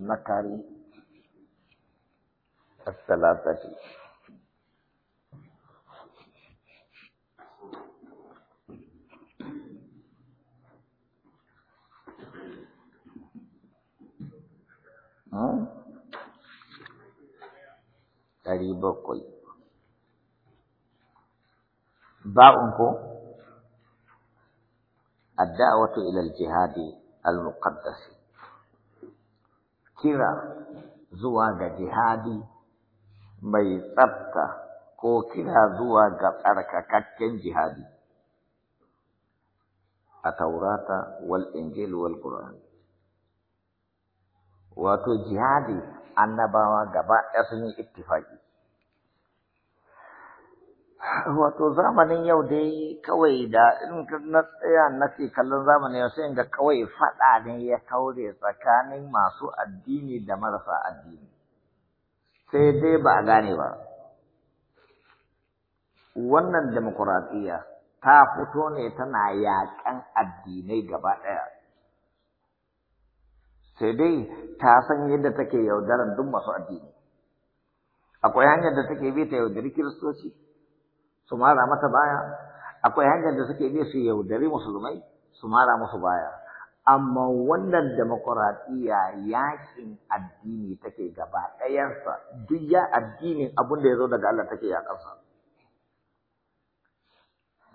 مكر الثلاثة ɗari bakwai ba'un الدعوة إلى الجهاد المقدس kira zuwa ga jihadi mai tsafta ko kira zuwa ga tsarkakakken jihadi a taurata wal injil wal qur'an wato jihadi annabawa gaba ɗaya sun yi ittifaki wato zamanin yau dai kawai da in na tsaya nake kallon zamanin yau sai ga kawai faɗa ne ya kaure tsakanin masu addini da marasa addini sai dai ba a gane ba wannan demokuraɗiyya ta fito ne tana yaƙan addinai gaba ɗaya sai dai ta san yadda take yaudarar duk masu addini akwai hanyar da take bi ta yaudari kiristoci su mara mata baya akwai hanyar da suke bi su yaudari musulmai su mara musu baya amma wannan demokuraɗiyya yakin addini take gaba ɗayansa duk ya addinin abin da ya zo daga Allah take yaƙansa.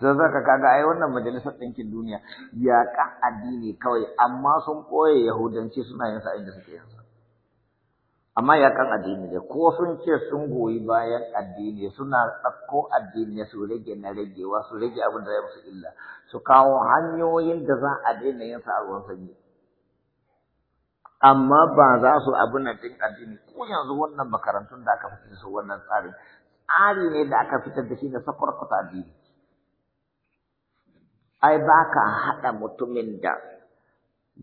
Zan zaka kaga ai wannan majalisar ɗinkin duniya yaƙa addini kawai amma sun ɓoye yahudanci suna yin sa inda suke yansa. amma ya kan addini ne, ko sun ce sun goyi bayan addini suna ɗauko addini su rage na wa su rage abin da ya musu illa su kawo hanyoyin da za a daina yin sa a ruwan sanyi amma ba za su abin da din addini ko yanzu wannan makarantun da aka fitar su wannan tsarin tsari ne da aka fitar da shi na sakwarkwata addini ai ba ka haɗa mutumin da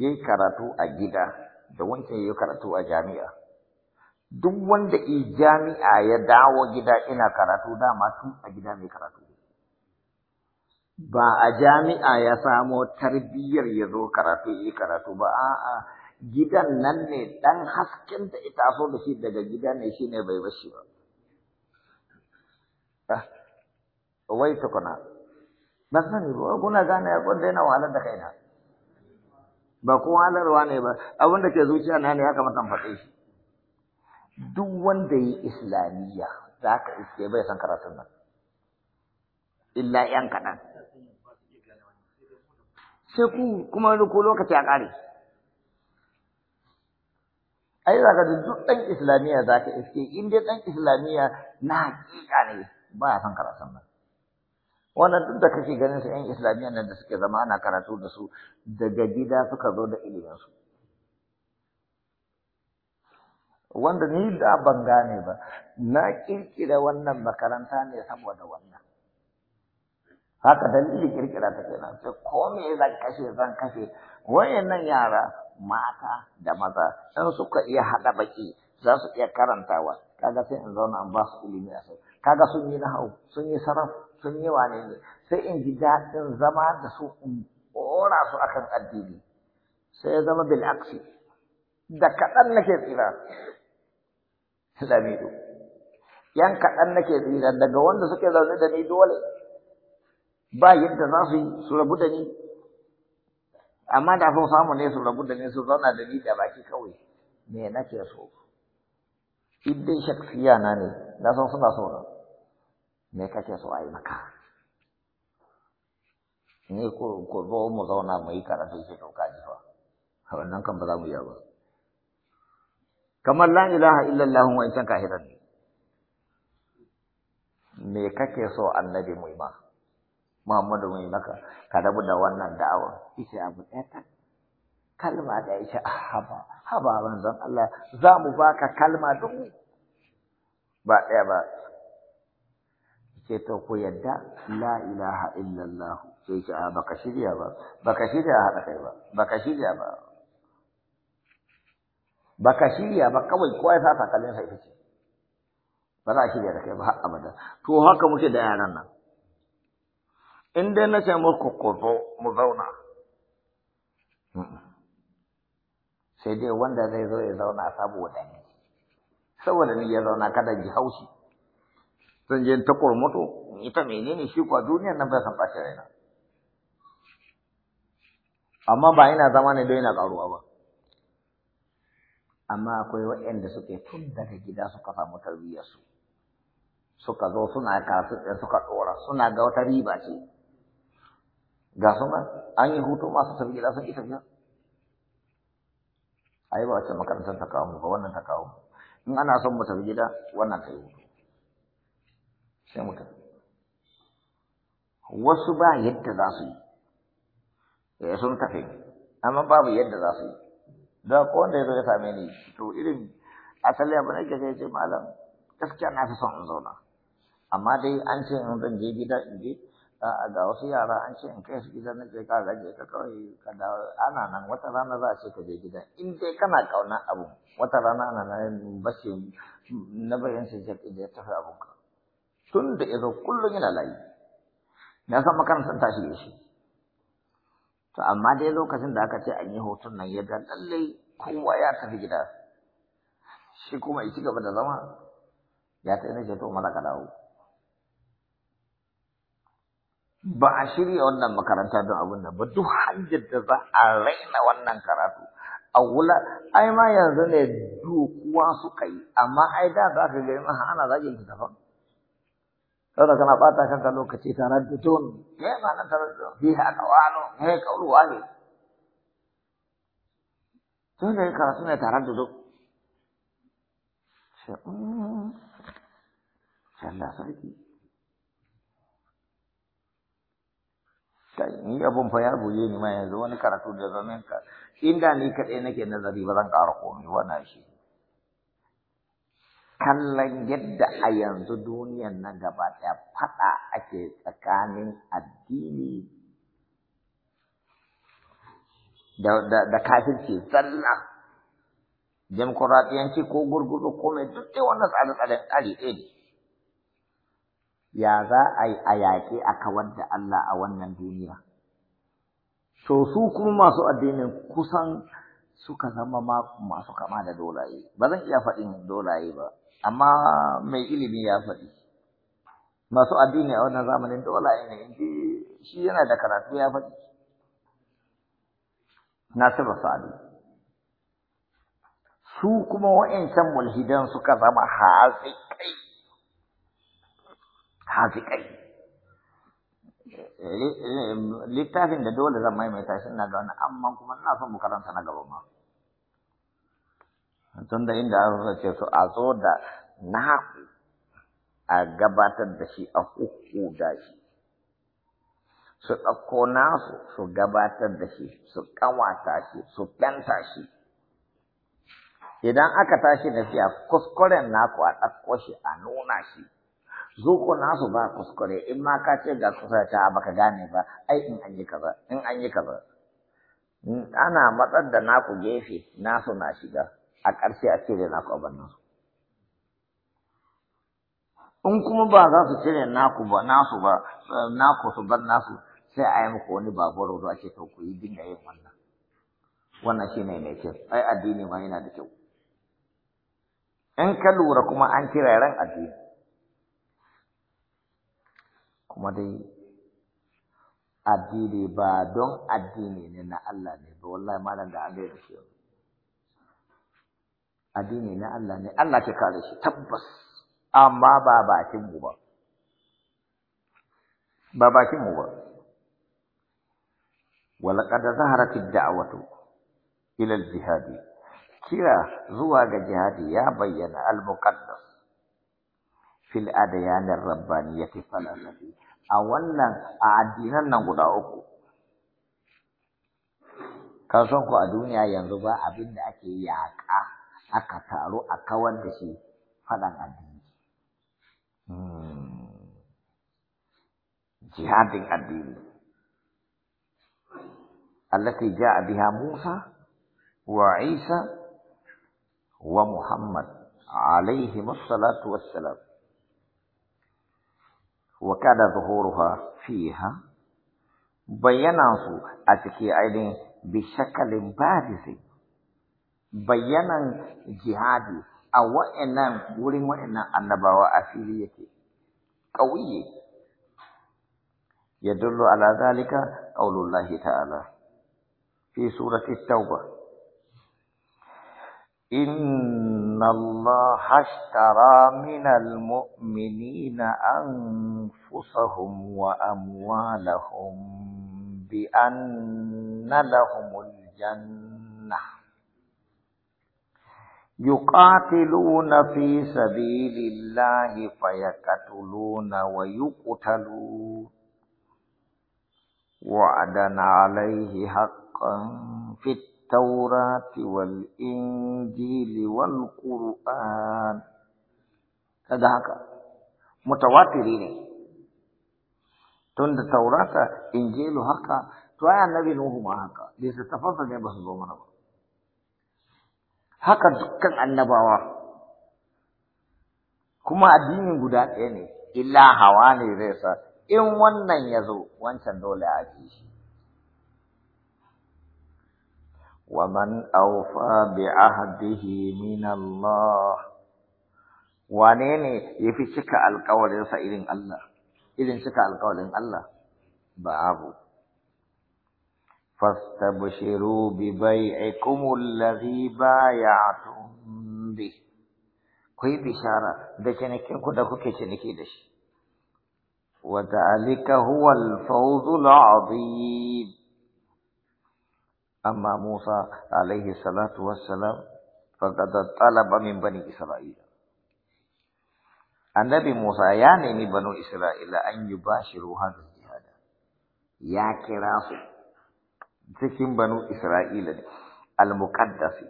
yin karatu a gida da wancan yi karatu a jami'a duk wanda i jami'a ya dawo gida ina karatu dama tun a gida mai karatu ba a jami'a ya samo tarbiyyar ya zo karatu yi karatu ba a'a gidan nan ne dan hasken da ita so da shi daga gida ne shine bai bashi ba ah, wai tukuna ba sani ba kuna gane ya kun yana wahalar da kaina ba kuma halarwa ne ba abin da ke zuciya na ne ya kamata in faɗe shi duk wanda yi islamiyya za ka iske bai san karatun nan illa yan kaɗan sai ku kuma ko lokaci a ƙare ai za ka duk ɗan islamiyya za ka iske in dai ɗan islamiyya na haƙiƙa ne ba ya san karatun nan wannan duk da kake ganin su 'yan islamiyya nan da suke zama ana karatu da su daga gida suka zo da iliminsu wanda ni da ban gane ba na kirkira wannan makaranta ne saboda wannan haka dalili kirkira ta kenan sai ko zan kashe zan kashe wayannan yara mata da maza in suka iya hada baki za su iya karantawa kaga sai in zauna an ba su ilimi a sai kaga sun yi nahau sun yi sarraf sun yi wane ne sai in ji daɗin zama da su in ƙora su akan addini sai ya zama bil aksi da kaɗan nake tsira lamido yan kaɗan nake tsira daga wanda suke zaune da ni dole ba yadda za su yi su rabu da ni amma da sun samu ne su rabu da ni su zauna da ni da baki kawai me nake so idan shaksiya na ne na san suna saura me kake so a yi maka ne ko zo mu zauna mu yi karatu ke ka ji fa wannan kan ba za mu yi ba kamar la ilaha illallah wa isan kahiran ne me kake so annabi mu ma Muhammadu mu maka ka rabu da wannan da'awa ishe abu ɗaya ta kalma da ishe ah, haba haba zan Allah za mu baka kalma dubu ba ɗaya ba ce to ku yadda la ilaha illallah sai ce a ah, baka shirya ba baka shirya haɗa kai ba baka shirya ba ba ka shirya ba kawai kowa ya sa kallon sa ita ce ba za a shirya da kai ba har abada to haka muke da yaran nan in dai na ce muku ku zo mu zauna sai dai wanda zai zo ya zauna saboda ni saboda ni ya zauna kada ji haushi zan je ta kurmuto ita menene shi kwa duniyar nan ba san ɓace raina amma ba ina zama ne don ina karuwa ba amma akwai waɗanda suke tun daga gida suka samu tarbiyyarsu suka zo suna kasu da eh, suka ɗora suna ga wata riba ce ga su an yi hutu masu tafi gida sun isa biyar a yi ba wacce makarantar ta kawo ba wannan ta kawo in ana son mu tafi gida wannan ta yi hutu sai mu tafi wasu ba yadda za su yi eh, sun tafi amma babu yadda za su yi da ko wanda ya zo ya same ni to irin asali abu ne kaje ce malam gaskiya na fi son in zauna amma dai an ce in zan je gida in je ga wasu yara an ce in kai su gida na je ka gaje ka kawai ka dawo ana nan wata rana za a ce ka je gida in dai kana kauna abu wata rana ana nan bashi na bayan sai je ya tafi abun ka tun da ya zo kullum yana layi na san makarantar tashi da shi To amma dai lokacin da aka ce an yi hoton nan ya ga lallai kowa ya tafi gida. Shi kuma ya ci gaba da zama ya ta nace to ka dawo. Ba a shirya wannan makaranta don abin nan ba duk hanyar da za a raina wannan karatu. A wula ai ma yanzu ne dukuwa suka yi amma ai da za ka ga ana zagin littafan. saboda kana bata kanka lokaci taraddudun me ma'anar taraddudun fi haka wano me kauluwa ne dole karatu ne taraddudun sai mm, Allah sarki kai ni abun fa buye ni ma wani karatu da zaman ka inda ni kadai nake nazari ba zan ƙara komai wannan shi kallon yadda a yanzu duniyan nan gaba ɗaya faɗa ake tsakanin addini da kafirci zalla demokuraɗiyanci ko gurgudu ko mai duk dai wannan tsare-tsaren tsari ɗaya ne ya za a yi a yaƙi a kawar da Allah a wannan duniya so su kuma masu addinin kusan suka zama masu kama da dolaye ba zan iya faɗin dolaye ba amma mai ilimi ya faɗi masu addini a wannan zamanin dole ne inji shi yana da karatu ya faɗi nasiru sa'adu su kuma wa'ancan mulhidan suka zama haziƙai haziƙai eh, eh, eh, littafin da dole zan maimaita shi na ga wani amma kuma ina son mu karanta na gaba ma tun da inda an ce su a zo da naku a gabatar da shi a uku da shi su ɗauko nasu su gabatar da shi su ƙawata shi su fenta shi idan aka tashi da fiya kuskuren naku a ɗauko shi a nuna shi zuku nasu ba kuskure in ma ka ce ga ba baka gane ba ai in an yi kaza in an yi kaza ana matsar da naku gefe nasu na shiga a ƙarshe a cire naku bannan su. in kuma ba za su cire naku ba nasu ba naku su bar nasu sai a yi muku wani babur a ce to ku yi dinga yin wannan wannan shi ne mai kyau ai addini ma yana da kyau in ka lura kuma an kira ran addini kuma dai addini ba don addini ne na Allah ne ba wallahi malam da an da shi yau addini na Allah ne Allah ke kare shi tabbas amma ba bakin mu ba ba bakin mu ba walaqad zaharat ad-da'watu ila al-jihad kira zuwa ga jihadi ya bayyana al-muqaddas fil adyan ar-rabbaniyyati falasafi a wannan a addinan nan guda uku kaso ku a duniya yanzu ba abin da ake yaƙa aka taru a kawar da shi faɗan addini. Hmm. Jihadin addini. Allati ja'a biha Musa wa Isa wa Muhammad alaihi salatu wassalam. Wa kada zuhuruha fiha su a cikin ainihin bishakalin barisi. bayanan jihadi a wa'annan wurin wa'annan annabawa a fili yake ƙauye yadullu ala zalika qaulullahi ta'ala fi surati tauba inna allaha hashtara minal mu'minina anfusahum wa amwalahum bi anna lahumul الجنة يقاتلون في سبيل الله فيقتلون ويقتلون وعدا عليه حقا في التوراة والإنجيل والقرآن هذا هكا متواترين تند التوراة إنجيل هكا تو النبي نوح ما هكا ليس تفضل يا بس haka dukkan annabawa kuma addinin guda ɗaya ne illa hawa ne zai sa in wannan ya zo wancan dole a ji shi wa man awfa bi ahdihi min Allah wane ne fi cika alƙawarinsa irin Allah irin cika alƙawarin Allah ba abu فاستبشروا ببيعكم الذي بايعتم به كوي بشارة ده كم كنا كوكي شنكي دش وذلك هو الفوز العظيم أما موسى عليه الصلاة والسلام فقد طلب من بني إسرائيل النبي موسى يعني من بني إسرائيل أن يباشروا هذا الجهاد يا كراسي cikin banu Isra'ila ne, al-muqaddasi,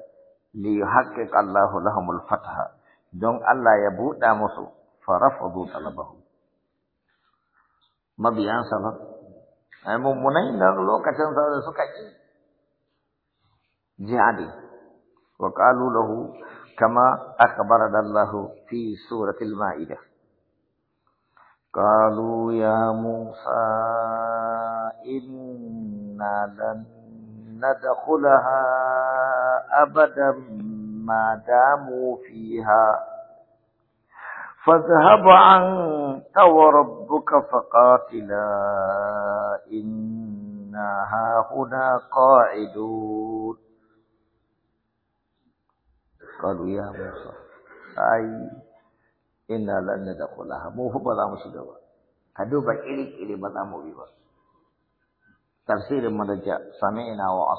li haƙiƙa Allahu lahumul fataha, don Allah ya buɗa musu farafadu talabahu. sa ba, ai mummunai da lokacin da suka ƙi jihadi, wa ƙalu lahu kama akhbarana Allahu fi suratul ma'ida. قالوا ya musa in لن ندخلها أبدا ما داموا فيها فاذهب أنت وربك فقاتلا إنا هاهنا قاعدون قالوا يا موسى أي إنا لن ندخلها مو هو بلا مشي ka إليك إلي بلا ba tafsirin madajja sami'na wa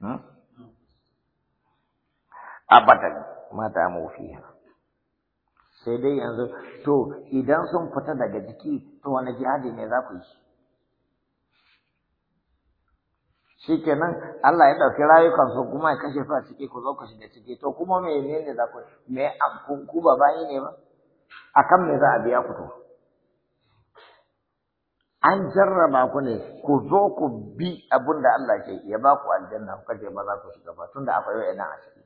hmm? abadan ma damu fiha sai dai yanzu to idan sun fita daga jiki to wani jihadi ne za ku yi shi kenan Allah ya ɗauki rayukansu kuma ya kashe fa ciki ku zo ku shiga ciki to kuma menene za ku me ku ba bayi ne ba akan me za a biya ku to an jarraba ku ne ku zo ku bi abin da Allah ke ya ba ku aljanna ku kaje ba ku shiga ba tunda akwai wa'ina a ciki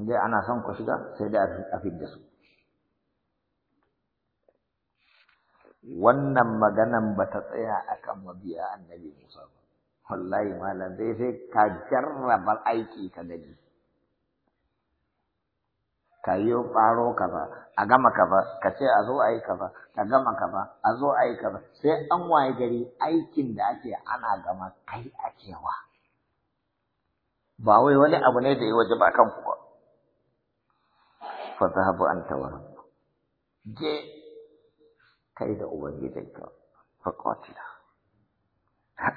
indai ana son ku shiga sai da a fidda su wannan maganan ba ta tsaya akan mabiya annabi Musa ba wallahi malam dai sai ka jarraba aiki ka gani ka yi ɓaro kaba, a gama kaba, ka ce a zo a yi ba ka gama kaba, a zo a yi ba sai an waye gari aikin da ake ana gama kai a cewa ba wai wani abu ne da ya waje ba kan ba fa zahabu an tawar je kai da ubangijinka fa qatila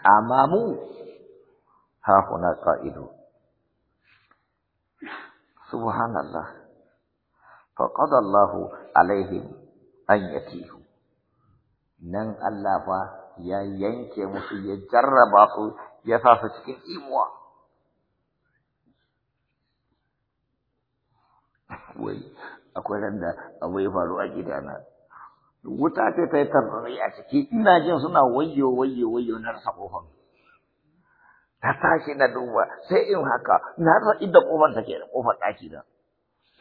amma mu ha huna qa'idu subhanallah فقد الله alaihim an nan Allah fa ya yanke musu ya jarraba su ya su cikin imuwa wai akwai ran da abu ya faru a gidana wuta ce ta yi tarrari a ciki ina jin suna wayyo wayyo na rasa kofar ta tashi na duba sai in haka na rasa inda kofar ke da kofar ɗaki na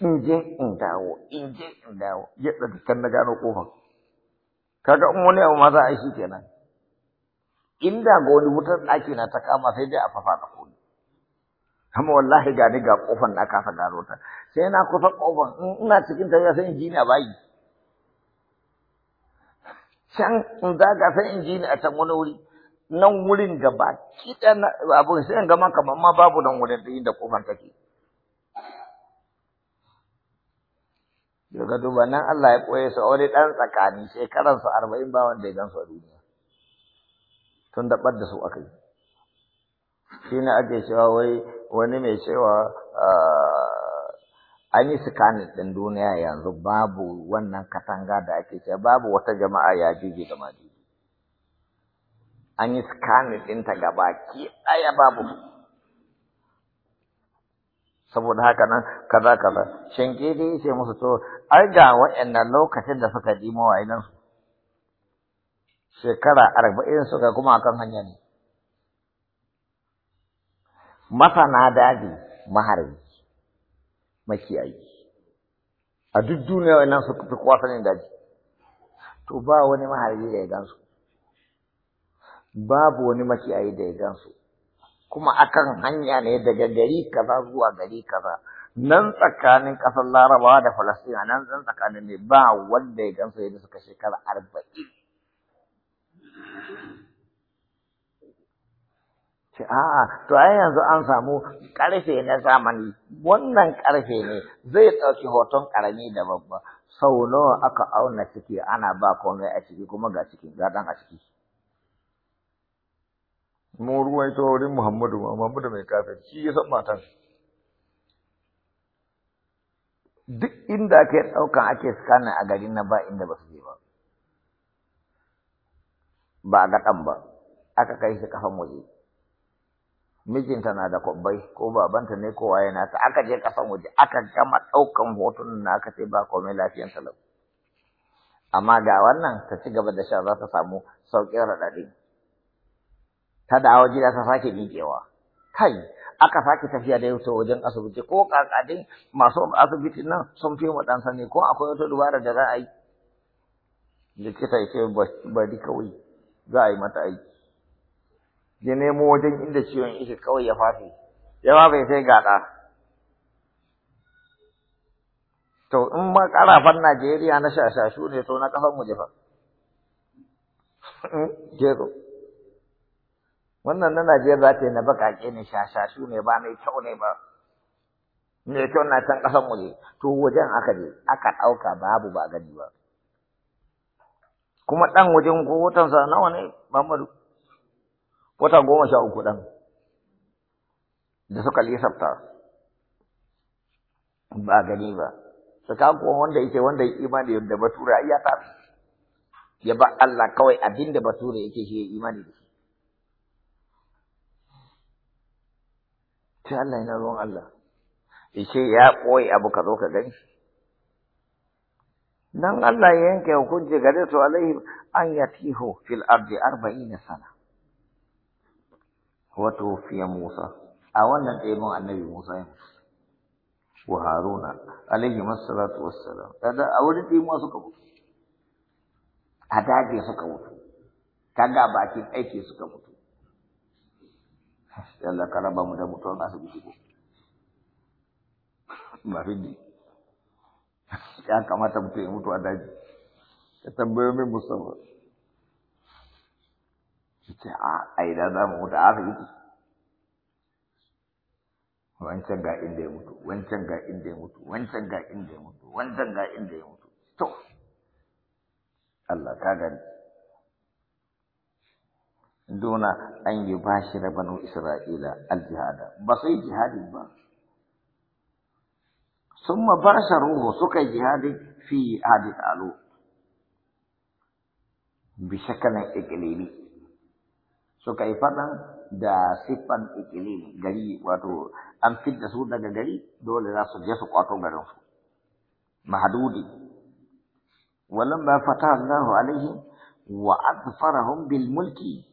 in je in dawo in je in dawo ya daga kan na gano kofar kaga in wani abu ma za a yi shi kenan inda ga wani wutar daki na ta kama sai dai a fafa da koli amma wallahi ga ni ga kofar na kasa gano ta sai na kusa kofar in ina cikin tafiya sai in ji a bayi can in zaga sai in ji ni a can wani wuri nan wurin gaba kiɗa na abun sai in gama kamar ma babu nan wurin da inda kofar take Daga duba nan Allah ya koye su a wani ɗan tsakani shekaransu arba'in ba wanda ya su a duniya. Tun da ɓadda su aka yi. Shi ne ake cewa wai wani mai cewa ah, an yi sikanin ɗin duniya yanzu babu wannan katanga da ake cewa babu wata jama'a ya jiji da majiji. An yi sikanin ɗinta gaba ki ɗaya babu. saboda haka nan kaza kaza shankiri ce musu to ai ga waɗannan lokacin da suka ji mawailan su shekara arba'in suka kuma akan hanya ne masana daji maharbi makiyayi a duk duniya wannan su fi kowa sanin daji to ba wani maharbi da ya gansu babu wani makiyayi da ya gansu kuma akan hanya ne daga gari kaza zuwa gari kaza nan tsakanin ƙasar larabawa da falastina nan zan tsakanin ne ba wanda ya gansu yadda suka shekara arba'in ce a'a to ai yanzu an samu ƙarfe na zamani wannan ƙarfe ne zai ɗauki hoton ƙarami da babba sau nawa aka auna ciki ana ba komai a ciki kuma ga cikin ga ɗan a ciki mu ita wurin Muhammadu Muhammadu mai kafir shi ya san matan duk inda ake ɗauka ake scanning a garin nan ba inda ba su je ba ba ga ɗan ba aka kai shi kafan waje mijinta na da kwabbai ko babanta ne ko waye na ta aka je kasan waje aka gama ɗaukan hoton na aka ce ba komai lafiyan talabu amma ga wannan ta ci gaba da sha za ta samu sauƙin raɗaɗi ta dawo gida ta sake miƙewa kai aka sake tafiya da yau ta wajen asibiti ko kakadin masu asibitin nan sun fi mu dan sani ko akwai wata dubara da za a yi likita ce bari kawai za a yi mata aiki ya nemo wajen inda ciwon yake kawai ya fafe ya fafe sai gaɗa to in ma ƙarafan Najeriya na shashashu ne to na ƙasar mu jefa hmm, jero wannan na Najeriya ta yi na baƙaƙe ne shashashu ne ba mai kyau ne ba mai kyau na can ƙasar mu ne to wajen aka je aka ɗauka babu ba gani ba kuma ɗan wajen ko watansa nawa ne Muhammadu wata goma sha uku ɗan da suka lisafta ba gani ba saka kuwa wanda yake wanda ya imani da bature ya tafi ya ba Allah kawai abinda bature yake shi ya imani da sai Allah yana ruwan Allah ce ya koyi abu ka zo ka gani nan Allah ya yanke hukunci gare su alaihi an tiho fil ardi na sana wa fiye Musa a wannan ɗaibin annabi Musa ya mutu wa Haruna alaihi masalatu wassalam ɗada a wurin ɗaibin suka mutu a daji suka mutu kaga bakin aiki suka mutu yalla kala ba mu da mutuwan asibiti ko ba ni ya kamata mutum ya mutu a daji ka tambayo min musamman ce a a da za mu mutu a bisu wancan ga inda ya mutu wancan ga inda ya mutu wancan ga inda ya mutu wancan ga inda ya mutu to Allah ka gani duna an yi bashi da banu Isra'ila al-jihada ba su yi jihadi ba. Sun ma ba suka jihadi fi adi alo. Bisa kanan ikilili. Suka yi faɗan da siffan ikilili gari wato an fidda su daga gari dole za su je su kwato garinsu. Mahadudi. ba fata Allahu alaihim wa adfarahum bil mulki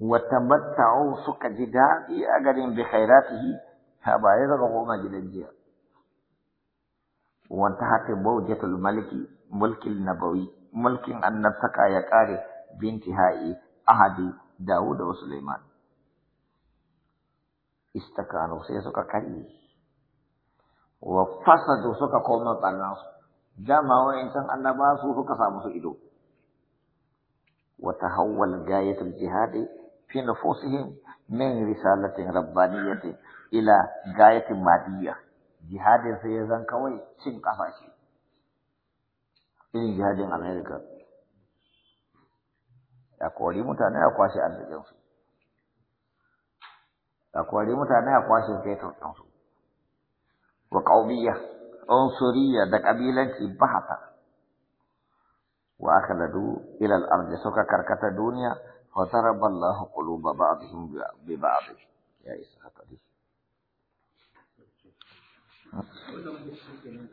وتمتعوا سك جدا في أجر بخيراته فبايد غوما جلجيا وانتهت بوجة الملك ملك النبوي ملك النبسكا يكاري بانتهاء أحد داود وسليمان استكانوا سيسك كري وفسدوا سك قوم الناس جمعوا إنسان النباس وفك ساموس إدو وتحول غاية الجهاد في نفوسهم من رسالة ربانية إلى غاية مادية جهاد سيزن كوي سن قفاشي إن جهاد أمريكا أقوالي متانا أقواشي أرزقنسو أقوالي متانا أقواشي فيتوتنسو وقومية عنصرية دا قبيلة بحثة وأخلدوا إلى الأرض سوكا كركة دنيا Fataraballahu quluba ba'dihim bi ba'di. Ya Isa tadi.